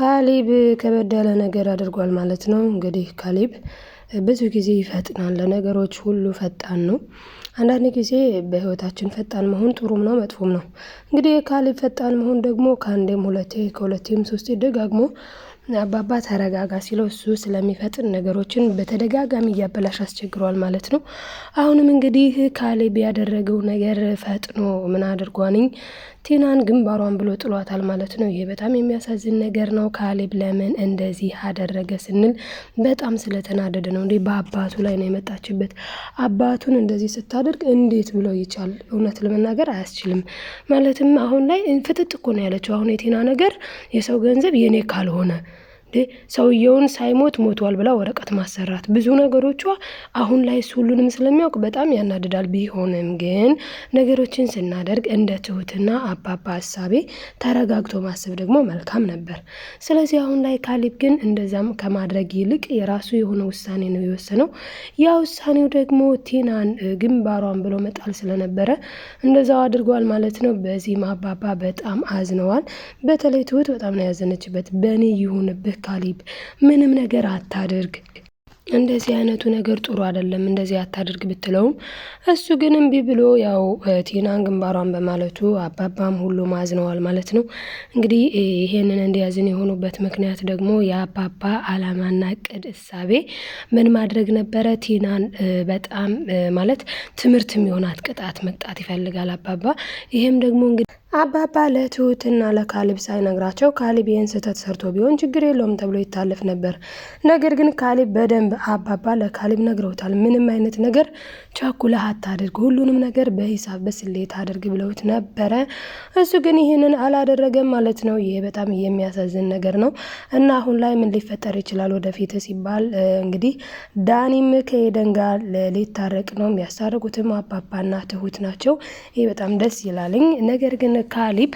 ካሊብ ከበድ ያለ ነገር አድርጓል ማለት ነው። እንግዲህ ካሊብ ብዙ ጊዜ ይፈጥናል፣ ለነገሮች ሁሉ ፈጣን ነው። አንዳንድ ጊዜ በህይወታችን ፈጣን መሆን ጥሩም ነው መጥፎም ነው። እንግዲህ የካሊብ ፈጣን መሆን ደግሞ ከአንዴም ሁለቴ ከሁለቴም ሶስቴ ደጋግሞ አባባ ተረጋጋ ሲለው እሱ ስለሚፈጥን ነገሮችን በተደጋጋሚ እያበላሽ አስቸግሯል ማለት ነው። አሁንም እንግዲህ ካሌብ ያደረገው ነገር ፈጥኖ ምን አድርጓንኝ ቲናን ግንባሯን ብሎ ጥሏታል ማለት ነው። ይሄ በጣም የሚያሳዝን ነገር ነው። ካሌብ ለምን እንደዚህ አደረገ ስንል በጣም ስለተናደደ ነው። እንዴ በአባቱ ላይ ነው የመጣችበት። አባቱን እንደዚህ ስታደርግ እንዴት ብሎ ይቻል? እውነት ለመናገር አያስችልም። ማለትም አሁን ላይ ፍጥጥ እኮ ነው ያለችው። አሁን የቲና ነገር የሰው ገንዘብ የኔ ካልሆነ ሰውየውን ሳይሞት ሞቷል ብላ ወረቀት ማሰራት ብዙ ነገሮቿ አሁን ላይ እሱ ሁሉንም ስለሚያውቅ በጣም ያናድዳል። ቢሆንም ግን ነገሮችን ስናደርግ እንደ ትሁትና አባባ ሀሳቤ ተረጋግቶ ማሰብ ደግሞ መልካም ነበር። ስለዚህ አሁን ላይ ካሊብ ግን እንደዛም ከማድረግ ይልቅ የራሱ የሆነ ውሳኔ ነው የወሰነው። ያ ውሳኔው ደግሞ ቲናን ግንባሯን ብሎ መጣል ስለነበረ እንደዛው አድርጓል ማለት ነው። በዚህም አባባ በጣም አዝነዋል። በተለይ ትሁት በጣም ነው ያዘነችበት። በእኔ ይሁንብህ ካሊብ ምንም ነገር አታድርግ እንደዚህ አይነቱ ነገር ጥሩ አይደለም፣ እንደዚህ አታድርግ ብትለውም እሱ ግን እምቢ ብሎ ያው ቲናን ግንባሯን በማለቱ አባባም ሁሉም አዝነዋል ማለት ነው። እንግዲህ ይሄንን እንዲያዝን የሆኑበት ምክንያት ደግሞ የአባባ አላማና ቅድ እሳቤ ምን ማድረግ ነበረ? ቲናን በጣም ማለት ትምህርት የሚሆናት ቅጣት መቅጣት ይፈልጋል አባባ። ይሄም ደግሞ እንግዲህ አባባ ለትሁትና ለካሊብ ሳይነግራቸው ካሊብ ይህን ስህተት ሰርቶ ቢሆን ችግር የለውም ተብሎ ይታለፍ ነበር። ነገር ግን ካሊብ በደንብ አባባ ለካሊብ ነግረውታል። ምንም አይነት ነገር ቸኩለህ አታድርግ፣ ሁሉንም ነገር በሂሳብ በስሌት አድርግ ብለውት ነበረ። እሱ ግን ይህንን አላደረገም ማለት ነው። ይሄ በጣም የሚያሳዝን ነገር ነው እና አሁን ላይ ምን ሊፈጠር ይችላል ወደፊት ሲባል እንግዲህ ዳኒም ከኤደን ጋር ሊታረቅ ነው። የሚያስታርቁትም አባባና ትሁት ናቸው። ይህ በጣም ደስ ይላልኝ ነገር ግን ካሊብ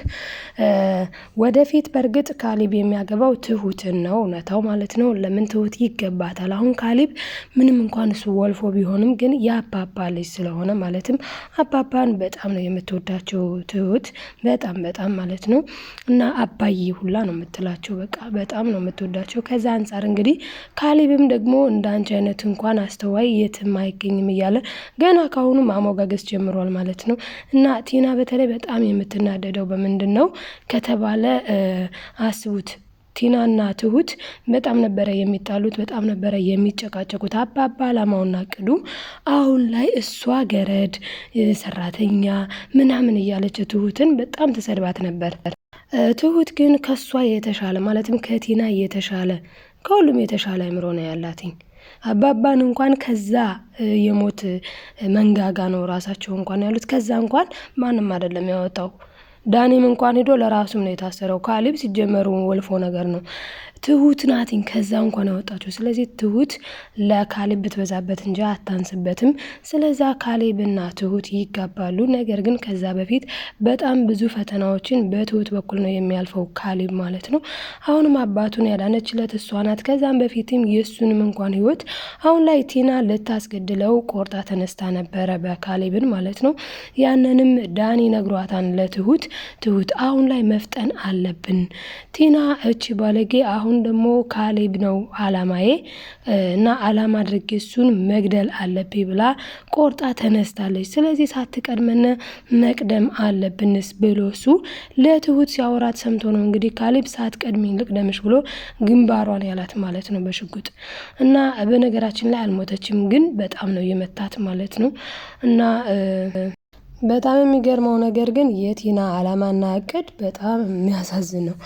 ወደፊት በእርግጥ ካሊብ የሚያገባው ትሁትን ነው፣ እውነታው ማለት ነው። ለምን ትሁት ይገባታል። አሁን ካሊብ ምንም እንኳን እሱ ወልፎ ቢሆንም ግን የአባባ ልጅ ስለሆነ ማለትም አባባን በጣም ነው የምትወዳቸው ትሁት በጣም በጣም ማለት ነው። እና አባዬ ሁላ ነው የምትላቸው፣ በቃ በጣም ነው የምትወዳቸው። ከዛ አንጻር እንግዲህ ካሊብም ደግሞ እንደ አንቺ አይነት እንኳን አስተዋይ የትም አይገኝም እያለ ገና ካሁኑ ማሞጋገስ ጀምሯል ማለት ነው። እና ቲና በተለይ በጣም የምትና የምናደደው በምንድን ነው ከተባለ አስቡት። ቲናና ትሁት በጣም ነበረ የሚጣሉት፣ በጣም ነበረ የሚጨቃጨቁት። አባባ አላማውና ቅዱ አሁን ላይ እሷ ገረድ ሰራተኛ ምናምን እያለች ትሁትን በጣም ተሰድባት ነበር። ትሁት ግን ከሷ የተሻለ ማለትም ከቲና የተሻለ ከሁሉም የተሻለ አይምሮ ነው ያላትኝ። አባባን እንኳን ከዛ የሞት መንጋጋ ነው ራሳቸው እንኳን ያሉት ከዛ እንኳን ማንም አይደለም ያወጣው ዳኒም እንኳን ሄዶ ለራሱም ነው የታሰረው። ካሌብ ሲጀመሩ ወልፎ ነገር ነው ትሁት ናትኝ ከዛ እንኳን ያወጣችሁ። ስለዚህ ትሁት ለካሌብ ብትበዛበት እንጂ አታንስበትም። ስለዛ ካሌብና ትሁት ይጋባሉ። ነገር ግን ከዛ በፊት በጣም ብዙ ፈተናዎችን በትሁት በኩል ነው የሚያልፈው ካሌብ ማለት ነው። አሁንም አባቱን ያዳነችለት እሷ ናት። ከዛም በፊትም የእሱንም እንኳን ህይወት አሁን ላይ ቲና ልታስገድለው ቆርጣ ተነስታ ነበረ በካሌብን ማለት ነው። ያንንም ዳኒ ነግሯታን ለትሁት ትሁት አሁን ላይ መፍጠን አለብን ቲና እቺ ባለጌ አሁን አሁን ደግሞ ካሌብ ነው አላማዬ እና አላማ አድርጌ እሱን መግደል አለብኝ ብላ ቆርጣ ተነስታለች። ስለዚህ ሳትቀድመን መቅደም አለብንስ ብሎ እሱ ለትሁት ሲያወራት ሰምቶ ነው እንግዲህ ካሌብ ሳትቀድሚኝ ልቅደምሽ ብሎ ግንባሯን ያላት ማለት ነው በሽጉጥ እና በነገራችን ላይ አልሞተችም፣ ግን በጣም ነው የመታት ማለት ነው እና በጣም የሚገርመው ነገር ግን የቲና አላማና እቅድ በጣም የሚያሳዝን ነው።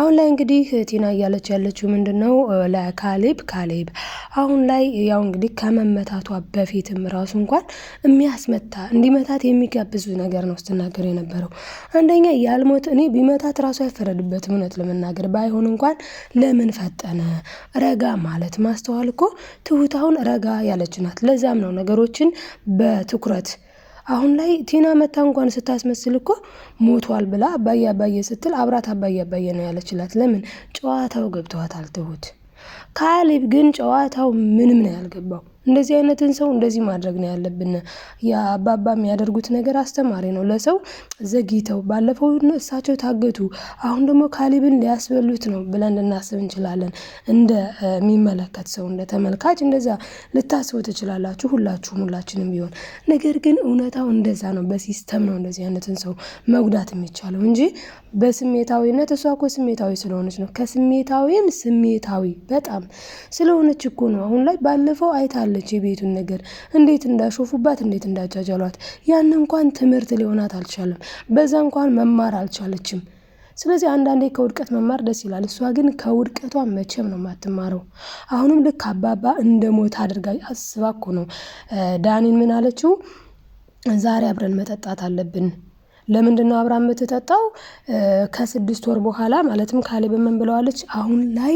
አሁን ላይ እንግዲህ ቲና እያለች ያለችው ምንድን ነው ለካሌብ ካሌብ አሁን ላይ ያው እንግዲህ ከመመታቷ በፊትም ራሱ እንኳን የሚያስመታ እንዲመታት የሚጋብዝ ነገር ነው ስትናገር የነበረው። አንደኛ ያልሞት እኔ ቢመታት ራሱ አይፈረድበትም። እውነት ለመናገር ባይሆን እንኳን ለምን ፈጠነ? ረጋ ማለት ማስተዋል እኮ ትሁት አሁን ረጋ ያለች ናት። ለዛም ነው ነገሮችን በትኩረት አሁን ላይ ቲና መታ እንኳን ስታስመስል እኮ ሞቷል ብላ አባዬ አባዬ ስትል አብራት አባዬ አባዬ ነው ያለችላት። ለምን ጨዋታው ገብተዋታል ትሁት ካሌብ ግን ጨዋታው ምንም ነው ያልገባው። እንደዚህ አይነትን ሰው እንደዚህ ማድረግ ነው ያለብን። የአባባ የሚያደርጉት ነገር አስተማሪ ነው ለሰው። ዘግይተው ባለፈው እሳቸው ታገቱ፣ አሁን ደግሞ ካሌብን ሊያስበሉት ነው ብለን ልናስብ እንችላለን። እንደሚመለከት ሰው እንደ ተመልካች እንደዛ ልታስቡ ትችላላችሁ፣ ሁላችሁም ሁላችንም ቢሆን ነገር ግን እውነታው እንደዛ ነው። በሲስተም ነው እንደዚህ አይነትን ሰው መጉዳት የሚቻለው እንጂ በስሜታዊነት እሷ እኮ ስሜታዊ ስለሆነች ነው። ከስሜታዊም ስሜታዊ በጣም ስለሆነች እኮ ነው። አሁን ላይ ባለፈው አይታለች የቤቱን ነገር እንዴት እንዳሾፉባት፣ እንዴት እንዳጃጃሏት። ያን እንኳን ትምህርት ሊሆናት አልቻለም። በዛ እንኳን መማር አልቻለችም። ስለዚህ አንዳንዴ ከውድቀት መማር ደስ ይላል። እሷ ግን ከውድቀቷ መቼም ነው የማትማረው። አሁንም ልክ አባባ እንደ ሞት አድርጋ አስባ እኮ ነው ዳኒን ምን አለችው? ዛሬ አብረን መጠጣት አለብን ለምንድን ነው አብራ የምትጠጣው? ከስድስት ወር በኋላ ማለትም ካሌብ ምን ብለዋለች? አሁን ላይ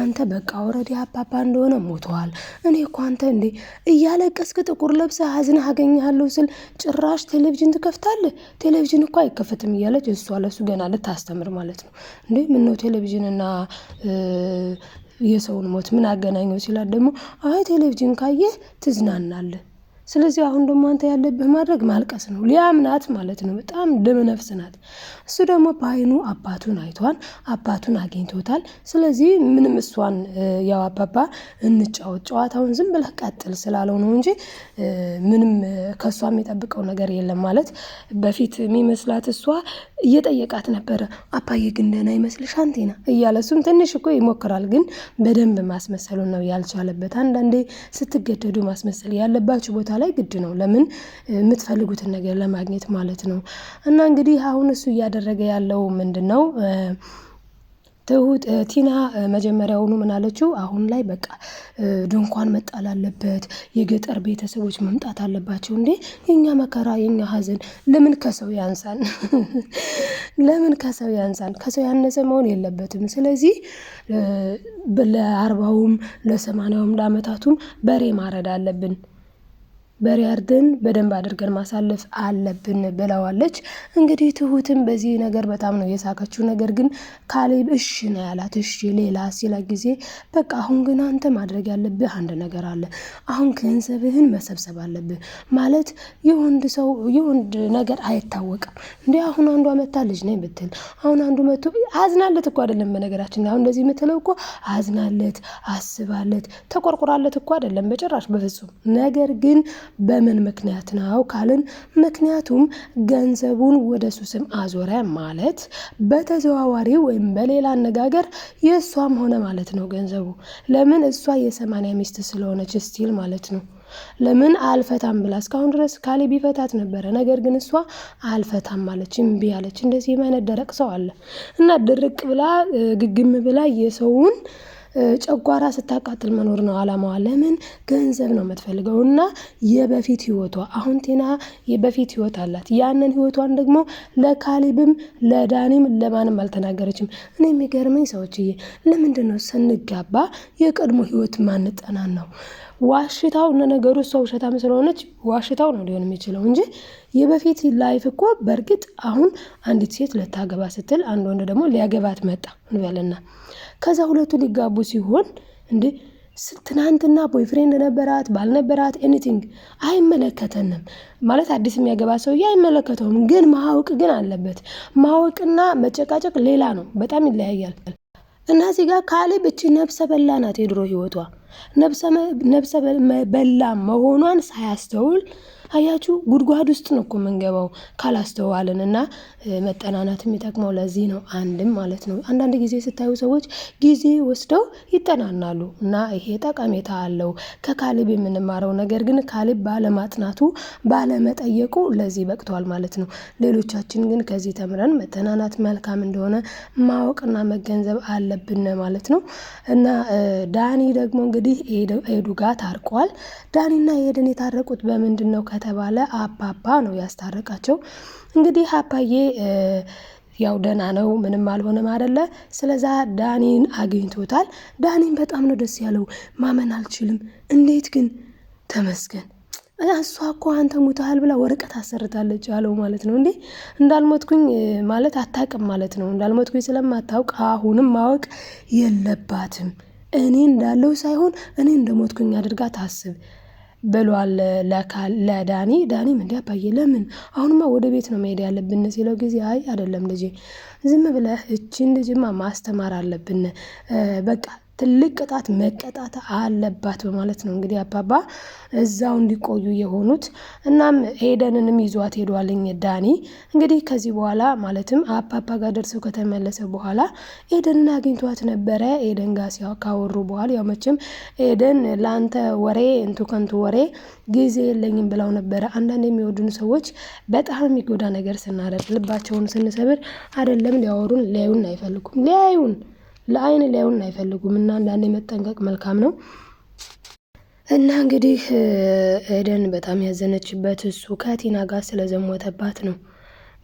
አንተ በቃ ወረድ አባባ እንደሆነ ሞተዋል። እኔ እኮ አንተ እንዴ እያለቀስክ ጥቁር ለብሰ ሀዝን አገኛለሁ ስል ጭራሽ ቴሌቪዥን ትከፍታል። ቴሌቪዥን እኮ አይከፈትም እያለች እሷ ለሱ ገና ልታስተምር ማለት ነው። እንዴ ምነው ቴሌቪዥንና የሰውን ሞት ምን አገናኘው? ሲላት ደግሞ አይ ቴሌቪዥን ካየህ ትዝናናለህ ስለዚህ አሁን ደግሞ አንተ ያለብህ ማድረግ ማልቀስ ነው። ሊያምናት ማለት ነው። በጣም ደም ነፍስ ናት። እሱ ደግሞ በአይኑ አባቱን አይቷን አባቱን አግኝቶታል። ስለዚህ ምንም እሷን ያው አባባ እንጫወት ጨዋታውን ዝም ብለህ ቀጥል ስላለው ነው እንጂ ምንም ከእሷ የሚጠብቀው ነገር የለም። ማለት በፊት የሚመስላት እሷ እየጠየቃት ነበረ አባዬ ግን ደህና ይመስልሽ አንቴና እያለ እሱም ትንሽ እኮ ይሞክራል፣ ግን በደንብ ማስመሰሉን ነው ያልቻለበት። አንዳንዴ ስትገደዱ ማስመሰል ያለባችሁ ቦታ ላይ ግድ ነው። ለምን የምትፈልጉትን ነገር ለማግኘት ማለት ነው። እና እንግዲህ አሁን እሱ እያደረገ ያለው ምንድን ነው? ትሁት ቲና መጀመሪያውኑ ምን አለችው? አሁን ላይ በቃ ድንኳን መጣል አለበት፣ የገጠር ቤተሰቦች መምጣት አለባቸው። እንዴ የኛ መከራ የኛ ሀዘን ለምን ከሰው ያንሳን? ለምን ከሰው ያንሳን? ከሰው ያነሰ መሆን የለበትም። ስለዚህ ለአርባውም ለሰማንያውም ለአመታቱም በሬ ማረድ አለብን። በሪያርድን በደንብ አድርገን ማሳለፍ አለብን ብለዋለች። እንግዲህ ትሁትም በዚህ ነገር በጣም ነው የሳቀችው። ነገር ግን ካሌብ እሺ ነው ያላት። እሺ ሌላ ሲላ ጊዜ በቃ አሁን ግን አንተ ማድረግ ያለብህ አንድ ነገር አለ። አሁን ገንዘብህን መሰብሰብ አለብህ። ማለት የወንድ ሰው የወንድ ነገር አይታወቅም እንዲ አሁን አንዷ መታለች ነ ነኝ ብትል አሁን አንዱ መቶ አዝናለት እኮ አይደለም። በነገራችን አሁን እንደዚህ የምትለው እኮ አዝናለት፣ አስባለት፣ ተቆርቁራለት እኮ አይደለም በጭራሽ በፍጹም ነገር ግን በምን ምክንያት ነው ካልን ምክንያቱም ገንዘቡን ወደ እሱ ስም አዞረ ማለት በተዘዋዋሪ ወይም በሌላ አነጋገር የእሷም ሆነ ማለት ነው ገንዘቡ። ለምን እሷ የሰማንያ ሚስት ስለሆነች ስቲል ማለት ነው። ለምን አልፈታም ብላ እስካሁን ድረስ ካሌ ቢፈታት ነበረ። ነገር ግን እሷ አልፈታም ማለች፣ እምቢ አለች። እንደዚህ አይነት ደረቅ ሰው አለ እና ድርቅ ብላ ግግም ብላ የሰውን ጨጓራ ስታቃጥል መኖር ነው አላማዋ። ለምን ገንዘብ ነው የምትፈልገው እና የበፊት ህይወቷ አሁን ቴና የበፊት ህይወት አላት። ያንን ህይወቷን ደግሞ ለካሊብም ለዳኒም ለማንም አልተናገረችም። እኔ የሚገርመኝ ሰዎችዬ፣ ለምንድን ነው ስንጋባ የቀድሞ ህይወት ማንጠናን ነው? ዋሽታው እና ነገሩ እሷ ውሸታም ስለሆነች ዋሽታው ነው ሊሆን የሚችለው እንጂ የበፊት ላይፍ እኮ በእርግጥ አሁን አንዲት ሴት ልታገባ ስትል አንድ ወንድ ደግሞ ሊያገባት መጣ እንበልና ከዛ ሁለቱ ሊጋቡ ሲሆን እንዴ ትናንትና ቦይፍሬንድ ነበራት ባልነበራት ኤኒቲንግ አይመለከተንም ማለት አዲስ የሚያገባ ሰውዬ አይመለከተውም። ግን ማወቅ ግን አለበት። ማወቅና መጨቃጨቅ ሌላ ነው፣ በጣም ይለያያል። እና እዚህ ጋር ካሌብ እቺ ነብሰ በላ ናት የድሮ ህይወቷ ነብሰ በላ መሆኗን ሳያስተውል አያችሁ ጉድጓድ ውስጥ ነው እኮ የምንገባው ካላስተዋልን እና መጠናናት የሚጠቅመው ለዚህ ነው። አንድም ማለት ነው አንዳንድ ጊዜ ስታዩ ሰዎች ጊዜ ወስደው ይጠናናሉ እና ይሄ ጠቀሜታ አለው ከካሊብ የምንማረው ነገር ግን ካሊብ ባለማጥናቱ ባለመጠየቁ ለዚህ በቅተዋል ማለት ነው። ሌሎቻችን ግን ከዚህ ተምረን መጠናናት መልካም እንደሆነ ማወቅና መገንዘብ አለብን ማለት ነው እና ዳኒ ደግሞ እንግዲህ ኤዱ ጋር ታርቋል። ዳኒና ኤደን የታረቁት በምንድን ነው? ከተባለ አባባ ነው ያስታረቃቸው። እንግዲህ አባዬ ያው ደህና ነው፣ ምንም አልሆነም አደለ። ስለዛ ዳኒን አግኝቶታል። ዳኒን በጣም ነው ደስ ያለው። ማመን አልችልም። እንዴት ግን ተመስገን እሷ እኮ አንተ ሙተሃል ብላ ወረቀት አሰርታለች አለው ማለት ነው። እንዴ እንዳልሞትኩኝ ማለት አታውቅም ማለት ነው። እንዳልሞትኩኝ ስለማታውቅ አሁንም ማወቅ የለባትም። እኔ እንዳለው ሳይሆን እኔ እንደሞትኩኝ አድርጋ ታስብ። ብሏል ለዳኒ። ዳኒም እንዲ አባዬ ለምን አሁንማ ወደ ቤት ነው መሄድ ያለብን ሲለው ጊዜ አይ አይደለም ልጄ፣ ዝም ብለህ እችን ልጅማ ማስተማር አለብን በቃ ትልቅ ቅጣት መቀጣት አለባት በማለት ነው እንግዲህ አባባ እዛው እንዲቆዩ የሆኑት። እናም ሄደንንም ይዟት ሄዷልኝ ዳኒ እንግዲህ ከዚህ በኋላ ማለትም አባባ ጋር ደርሰው ከተመለሰ በኋላ ኤደንን አግኝቷት ነበረ። ኤደን ጋር ካወሩ በኋላ ያው መቼም ኤደን ለአንተ ወሬ እንቱ ከንቱ ወሬ ጊዜ የለኝም ብለው ነበረ። አንዳንድ የሚወዱን ሰዎች በጣም የሚጎዳ ነገር ስናደርግ ልባቸውን ስንሰብር አይደለም ሊያወሩን ሊያዩን አይፈልጉም ሊያዩን ለአይን ሊያዩን አይፈልጉም እና አንዳንዴ መጠንቀቅ መልካም ነው። እና እንግዲህ ኤደን በጣም ያዘነችበት እሱ ከቲና ጋር ስለዘሞተባት ነው።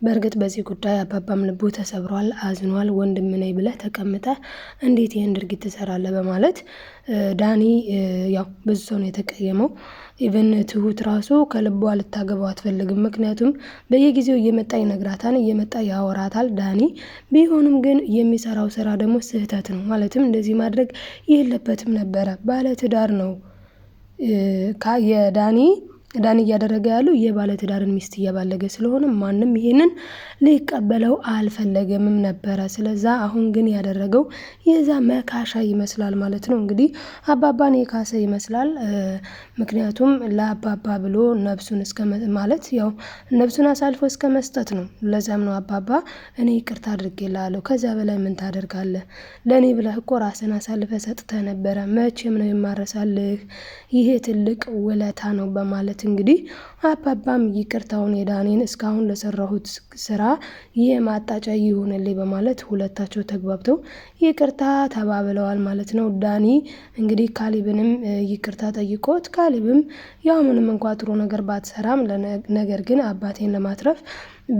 በእርግጥ በዚህ ጉዳይ አባባም ልቡ ተሰብሯል፣ አዝኗል። ወንድም ነኝ ብለህ ተቀምጠህ እንዴት ይህን ድርጊት ትሰራለህ? በማለት ዳኒ ያው ብዙ ሰው ነው የተቀየመው። ኢቨን ትሁት ራሱ ከልቦ ልታገባው አትፈልግም። ምክንያቱም በየጊዜው እየመጣ ይነግራታል፣ እየመጣ ያወራታል ዳኒ። ቢሆንም ግን የሚሰራው ስራ ደግሞ ስህተት ነው። ማለትም እንደዚህ ማድረግ የለበትም ነበረ። ባለ ትዳር ነው የዳኒ ዳን እያደረገ ያለው የባለትዳርን ሚስት እያባለገ ስለሆነ ማንም ይሄንን ሊቀበለው አልፈለገምም ነበረ። ስለዛ አሁን ግን ያደረገው የዛ መካሻ ይመስላል ማለት ነው። እንግዲህ አባባን የካሰ ይመስላል። ምክንያቱም ለአባባ ብሎ ነብሱን እስከ ማለት ያው ነብሱን አሳልፎ እስከ መስጠት ነው። ለዛም ነው አባባ እኔ ይቅርታ አድርጌልሃለሁ፣ ከዚያ በላይ ምን ታደርጋለህ? ለእኔ ብለህ እኮ ራስን አሳልፈ ሰጥተህ ነበረ። መቼም ነው የማረሳልህ፣ ይሄ ትልቅ ውለታ ነው በማለት እንግዲህ አባባም ይቅርታውን የዳኔን እስካሁን ለሰራሁት ስራ ይህ ማጣጫ ይሁንልኝ በማለት ሁለታቸው ተግባብተው ይቅርታ ተባብለዋል ማለት ነው። ዳኒ እንግዲህ ካሊብንም ይቅርታ ጠይቆት ካሊብም ያው ምንም እንኳ ጥሩ ነገር ባትሰራም ነገር ግን አባቴን ለማትረፍ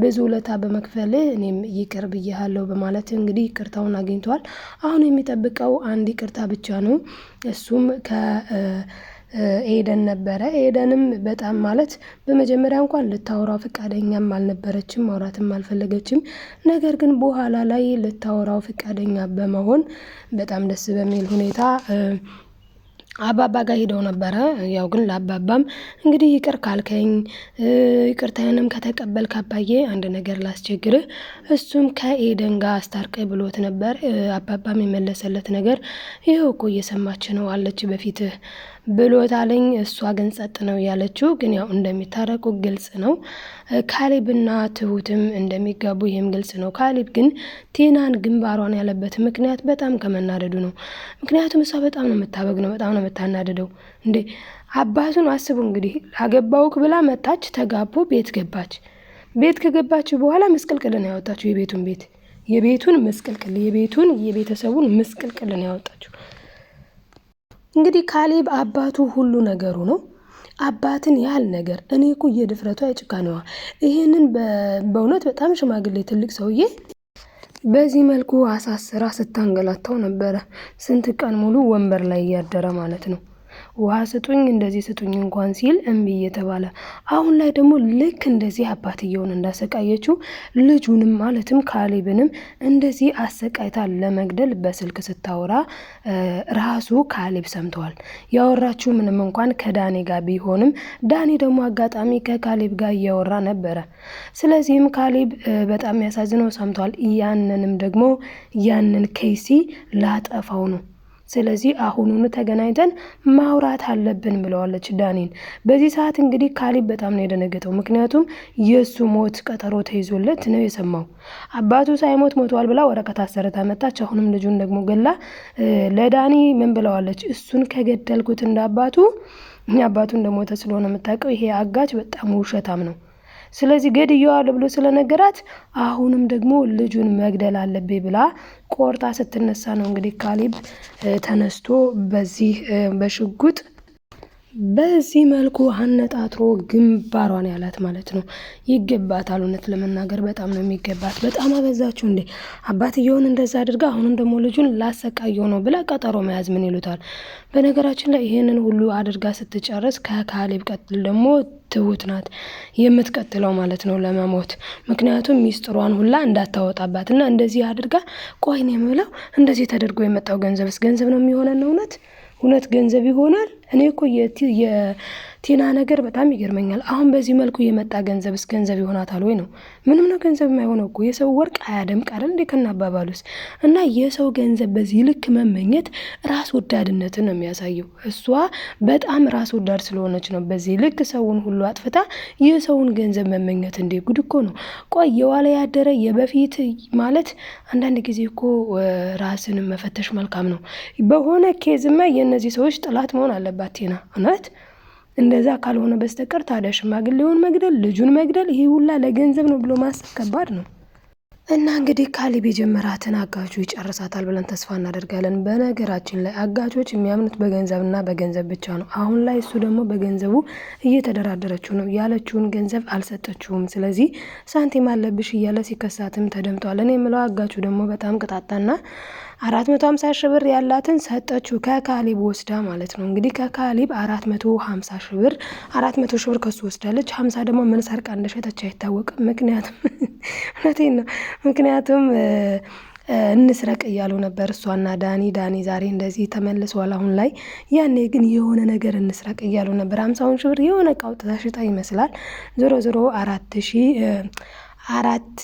ብዙ ውለታ በመክፈል እኔም ይቅር ብያሃለሁ በማለት እንግዲህ ይቅርታውን አግኝተዋል። አሁን የሚጠብቀው አንድ ይቅርታ ብቻ ነው። እሱም ከ ኤደን ነበረ። ኤደንም በጣም ማለት በመጀመሪያ እንኳን ልታወራው ፈቃደኛም አልነበረችም፣ ማውራትም አልፈለገችም። ነገር ግን በኋላ ላይ ልታወራው ፈቃደኛ በመሆን በጣም ደስ በሚል ሁኔታ አባባ ጋር ሄደው ነበረ። ያው ግን ለአባባም እንግዲህ ይቅር ካልከኝ ይቅርታዬንም ከተቀበል ካባዬ አንድ ነገር ላስቸግርህ፣ እሱም ከኤደን ጋር አስታርቀ ብሎት ነበር። አባባም የመለሰለት ነገር ይህ እኮ እየሰማች ነው አለች በፊትህ ብሎታለኝ። እሷ ግን ጸጥ ነው ያለችው። ግን ያው እንደሚታረቁ ግልጽ ነው። ካሌብና ትሁትም እንደሚጋቡ ይህም ግልጽ ነው። ካሊብ ግን ቴናን ግንባሯን ያለበት ምክንያት በጣም ከመናደዱ ነው። ምክንያቱም እሷ በጣም ነው የምታበግ ነው፣ በጣም ነው የምታናደደው። እንዴ አባቱን አስቡ እንግዲህ አገባውክ ብላ መጣች፣ ተጋቦ ቤት ገባች። ቤት ከገባችሁ በኋላ ምስቅልቅል ነው ያወጣችሁ። የቤቱን ቤት የቤቱን ምስቅልቅል የቤቱን የቤተሰቡን ምስቅልቅል ነው ያወጣችሁ። እንግዲህ ካሌብ አባቱ ሁሉ ነገሩ ነው። አባትን ያህል ነገር እኔ እኮ የድፍረቷ የጭካኔዋ ይህንን በእውነት በጣም ሽማግሌ ትልቅ ሰውዬ በዚህ መልኩ አሳስራ ስታንገላታው ነበረ። ስንት ቀን ሙሉ ወንበር ላይ እያደረ ማለት ነው። ውሃ ስጡኝ እንደዚህ ስጡኝ እንኳን ሲል እምቢ እየተባለ አሁን ላይ ደግሞ ልክ እንደዚህ አባትየውን እንዳሰቃየችው ልጁንም ማለትም ካሌብንም እንደዚህ አሰቃይታ ለመግደል በስልክ ስታወራ ራሱ ካሌብ ሰምተዋል። ያወራችው ምንም እንኳን ከዳኔ ጋር ቢሆንም ዳኔ ደግሞ አጋጣሚ ከካሌብ ጋር እያወራ ነበረ። ስለዚህም ካሌብ በጣም ያሳዝነው ሰምተዋል። ያንንም ደግሞ ያንን ኬሲ ላጠፋው ነው ስለዚህ አሁኑኑ ተገናኝተን ማውራት አለብን ብለዋለች ዳኒን። በዚህ ሰዓት እንግዲህ ካሊብ በጣም ነው የደነገጠው። ምክንያቱም የእሱ ሞት ቀጠሮ ተይዞለት ነው የሰማው። አባቱ ሳይሞት ሞቷል ብላ ወረቀት አሰርታ መጣች። አሁንም ልጁን ደግሞ ገላ ለዳኒ ምን ብለዋለች? እሱን ከገደልኩት እንደ አባቱ አባቱ እንደሞተ ስለሆነ የምታውቀው ይሄ አጋች በጣም ውሸታም ነው ስለዚህ ገድየዋለሁ ብሎ ስለነገራት አሁንም ደግሞ ልጁን መግደል አለብኝ ብላ ቆርጣ ስትነሳ ነው እንግዲህ ካሊብ ተነስቶ በዚህ በሽጉጥ በዚህ መልኩ አነጣጥሮ ግንባሯን ያላት ማለት ነው። ይገባታል። እውነት ለመናገር በጣም ነው የሚገባት። በጣም አበዛችሁ እንዴ! አባትየውን እንደዛ አድርጋ አሁንም ደግሞ ልጁን ላሰቃየው ነው ብላ ቀጠሮ መያዝ ምን ይሉታል? በነገራችን ላይ ይህንን ሁሉ አድርጋ ስትጨርስ ከካሌብ ቀጥል ደግሞ ትሁት ናት የምትቀጥለው ማለት ነው ለመሞት። ምክንያቱም ሚስጥሯን ሁላ እንዳታወጣባት እና እንደዚህ አድርጋ ቆይን የምለው እንደዚህ ተደርጎ የመጣው ገንዘብስ ገንዘብ ነው የሚሆነን? እውነት እውነት ገንዘብ ይሆናል? እኔ እኮ የቲና ነገር በጣም ይገርመኛል። አሁን በዚህ መልኩ የመጣ እስ ገንዘብ ይሆናታል ወይ ነው? ምንም ነው ገንዘብ የማይሆነው እኮ የሰው ወርቅ አያደምቅ አይደል እንዴ? ከናባባሉስ እና የሰው ገንዘብ በዚህ ልክ መመኘት ራስ ወዳድነትን ነው የሚያሳየው። እሷ በጣም ራስ ወዳድ ስለሆነች ነው በዚህ ልክ ሰውን ሁሉ አጥፍታ የሰውን ገንዘብ መመኘት። እንዴ ጉድ እኮ ነው። ቆይ የዋለ ያደረ የበፊት ማለት አንዳንድ ጊዜ እኮ ራስን መፈተሽ መልካም ነው። በሆነ ኬዝማ የእነዚህ ሰዎች ጥላት መሆን አለባት። ባቴና እውነት እንደዛ ካልሆነ በስተቀር ታዲያ ሽማግሌውን መግደል፣ ልጁን መግደል ይህ ሁላ ለገንዘብ ነው ብሎ ማሰብ ከባድ ነው። እና እንግዲህ ካሊብ የጀመራትን አጋቹ ይጨርሳታል ብለን ተስፋ እናደርጋለን። በነገራችን ላይ አጋቾች የሚያምኑት በገንዘብና በገንዘብ ብቻ ነው። አሁን ላይ እሱ ደግሞ በገንዘቡ እየተደራደረችው ነው። ያለችውን ገንዘብ አልሰጠችውም። ስለዚህ ሳንቲም አለብሽ እያለ ሲከሳትም ተደምጧል። እኔ የምለው አጋቹ ደግሞ በጣም ቅጣጣና አራት መቶ ሀምሳ ሺህ ብር ያላትን ሰጠችው ከካሊብ ወስዳ ማለት ነው። እንግዲህ ከካሊብ አራት መቶ ሀምሳ ሺህ ብር አራት መቶ ሺህ ብር ከሱ ወስዳለች። ሀምሳ ደግሞ ምን ሰርቃ እንደሸጠች አይታወቅም። ምክንያቱም እውነቴን ነው። ምክንያቱም እንስረቅ እያሉ ነበር እሷና ዳኒ ዳኒ ዛሬ እንደዚህ ተመልሰዋል። አሁን ላይ ያኔ ግን የሆነ ነገር እንስረቅ እያሉ ነበር ሀምሳውን ሺህ ብር የሆነ እቃ አውጥታ ሽጣ ይመስላል ዞሮ ዞሮ አራት ሺህ አራት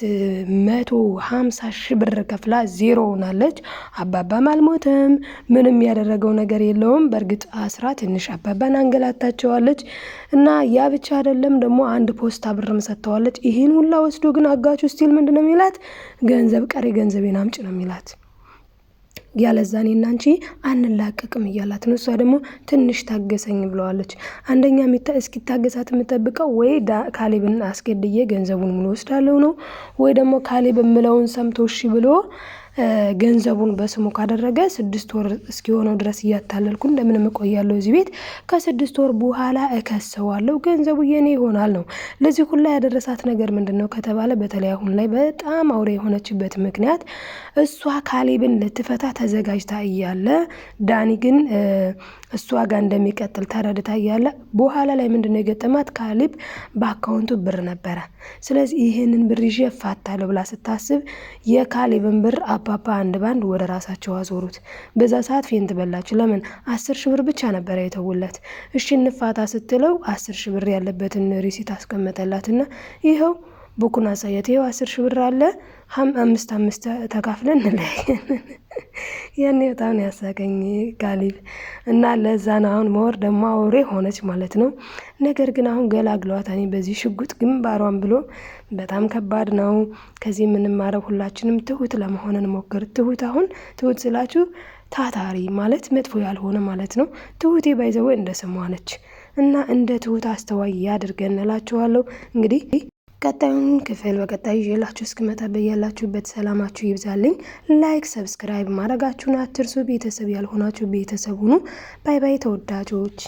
መቶ ሀምሳ ሺ ብር ከፍላ ዜሮ ሆናለች። አባባም አልሞተም፣ ምንም ያደረገው ነገር የለውም። በእርግጥ አስራ ትንሽ አባባን አንገላታቸዋለች እና ያ ብቻ አይደለም ደግሞ አንድ ፖስታ ብርም ሰጥተዋለች። ይህን ሁላ ወስዶ ግን አጋቹ ስቲል ምንድን ነው የሚላት? ገንዘብ ቀሪ ገንዘቤን አምጭ ነው የሚላት። ያለዛኔ እና አንቺ አንላቀቅም እያላት ነው። እሷ ደግሞ ትንሽ ታገሰኝ ብለዋለች። አንደኛ እስኪታገሳት የምጠብቀው ወይ ካሌብን አስገድዬ ገንዘቡን ሙሉ ወስዳለሁ ነው ወይ ደግሞ ካሌብ የምለውን ሰምቶ እሺ ብሎ ገንዘቡን በስሙ ካደረገ ስድስት ወር እስኪሆነው ድረስ እያታለልኩ እንደምን እቆያለሁ እዚህ ቤት። ከስድስት ወር በኋላ እከሰዋለሁ፣ ገንዘቡ የኔ ይሆናል ነው። ለዚህ ሁላ ያደረሳት ነገር ምንድን ነው ከተባለ በተለይ አሁን ላይ በጣም አውሬ የሆነችበት ምክንያት እሷ ካሌብን ልትፈታ ተዘጋጅታ እያለ ዳኒ ግን እሷ ጋር እንደሚቀጥል ተረድታ እያለ በኋላ ላይ ምንድነው ነው የገጠማት ካሌብ በአካውንቱ ብር ነበረ። ስለዚህ ይህንን ብር ይዤ እፋታለሁ ብላ ስታስብ የካሌብን ብር አባባ አንድ ባንድ ወደ ራሳቸው አዞሩት። በዛ ሰዓት ፌንት በላች። ለምን አስር ሺህ ብር ብቻ ነበረ የተውለት። እሺ እንፋታ ስትለው አስር ሺህ ብር ያለበትን ሪሲት አስቀመጠላትና ይኸው ቡኩን አሳየት። ይኸው አስር ሺህ ብር አለ አምስት አምስት ተካፍለን እንለያየን ያኔ በጣም ነው ያሳቀኝ ካሊብ እና ለዛ ነው አሁን መወር ደግሞ አውሬ ሆነች ማለት ነው። ነገር ግን አሁን ገላግሏት እኔ በዚህ ሽጉጥ ግንባሯን ብሎ በጣም ከባድ ነው። ከዚህ የምንማረው ሁላችንም ትሁት ለመሆን እንሞክር። ትሁት አሁን ትሁት ስላችሁ ታታሪ ማለት መጥፎ ያልሆነ ማለት ነው። ትሁቴ ባይዘወ እንደ ስሟ ነች እና እንደ ትሁት አስተዋይ ያድርገን እላችኋለሁ እንግዲህ ቀጣዩን ክፍል በቀጣይ ይዤላችሁ እስክመጣ በያላችሁበት ሰላማችሁ ይብዛልኝ። ላይክ፣ ሰብስክራይብ ማድረጋችሁን አትርሱ። ቤተሰብ ያልሆናችሁ ቤተሰብ ሁኑ። ባይ ባይ ተወዳጆች።